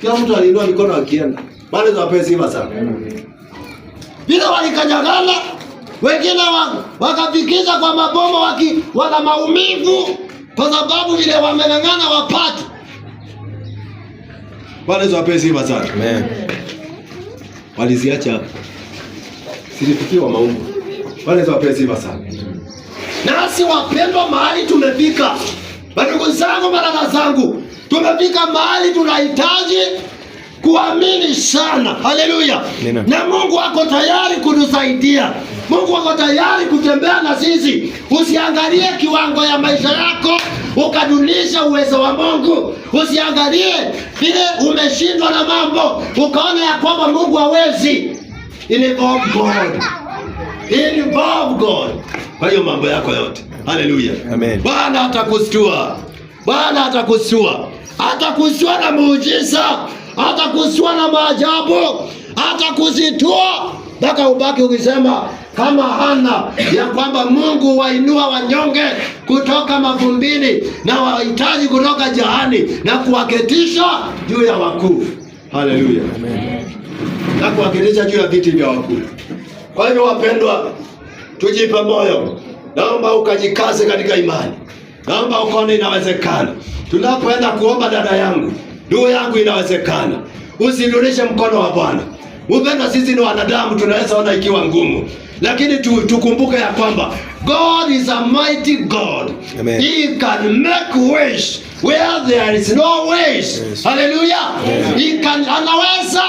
Kila mtu aliinua mikono akienda. Bali za pesa hivi sana. Bila walikanyagana, wengine wakapikiza kwa mabomu waki, wana maumivu kwa sababu vile wameng'ang'ana wapate. Bwana Yesu apewe sifa sana. Amen. Waliziacha hapo. Silifikiwa maungu. Bwana Yesu apewe sifa sana. Nasi wapendwa, mahali tumefika. Ndugu zangu, marafiki zangu, Tumefika mahali tunahitaji kuamini sana. Haleluya! na Mungu ako tayari kutusaidia. Mungu ako tayari kutembea na sisi. Usiangalie kiwango ya maisha yako ukadunisha uwezo wa Mungu. Usiangalie vile umeshindwa na mambo ukaona ya kwamba Mungu hawezi. Involve God, God kwa hiyo mambo yako yote. Haleluya, amen. Bwana atakustua. Bwana atakusua, atakusua na muujiza, atakusua na maajabu, atakuzitua mpaka ubaki ukisema kama Hana ya kwamba Mungu wainua wanyonge kutoka mavumbini na wahitaji kutoka jahani na kuwaketisha juu ya wakuu. Haleluya, na kuwaketisha juu ya viti vya wakuu. Kwa hivyo, wapendwa, tujipe moyo, naomba ukajikaze katika imani naomba ukone, inawezekana. Tunapoenda kuomba, dada yangu, ndugu yangu, inawezekana. Usinurishe mkono wa Bwana. Upendo, sisi ni wanadamu, tunaweza ona ikiwa ngumu, lakini tu, tukumbuke ya kwamba God is a mighty God. Amen. He can make wish where there is no wish. Yes. Hallelujah. He can, anaweza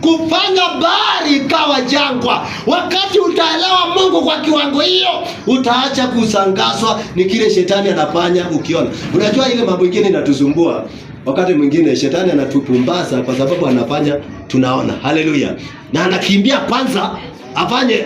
kufanya bahari ikawa jangwa wakati utaelewa Mungu kwa kiwango hiyo, utaacha kusangazwa ni kile shetani anafanya ukiona. Unajua ile mambo ingine inatusumbua wakati mwingine shetani anatupumbaza kwa sababu anafanya tunaona. Haleluya! Na anakimbia kwanza afanye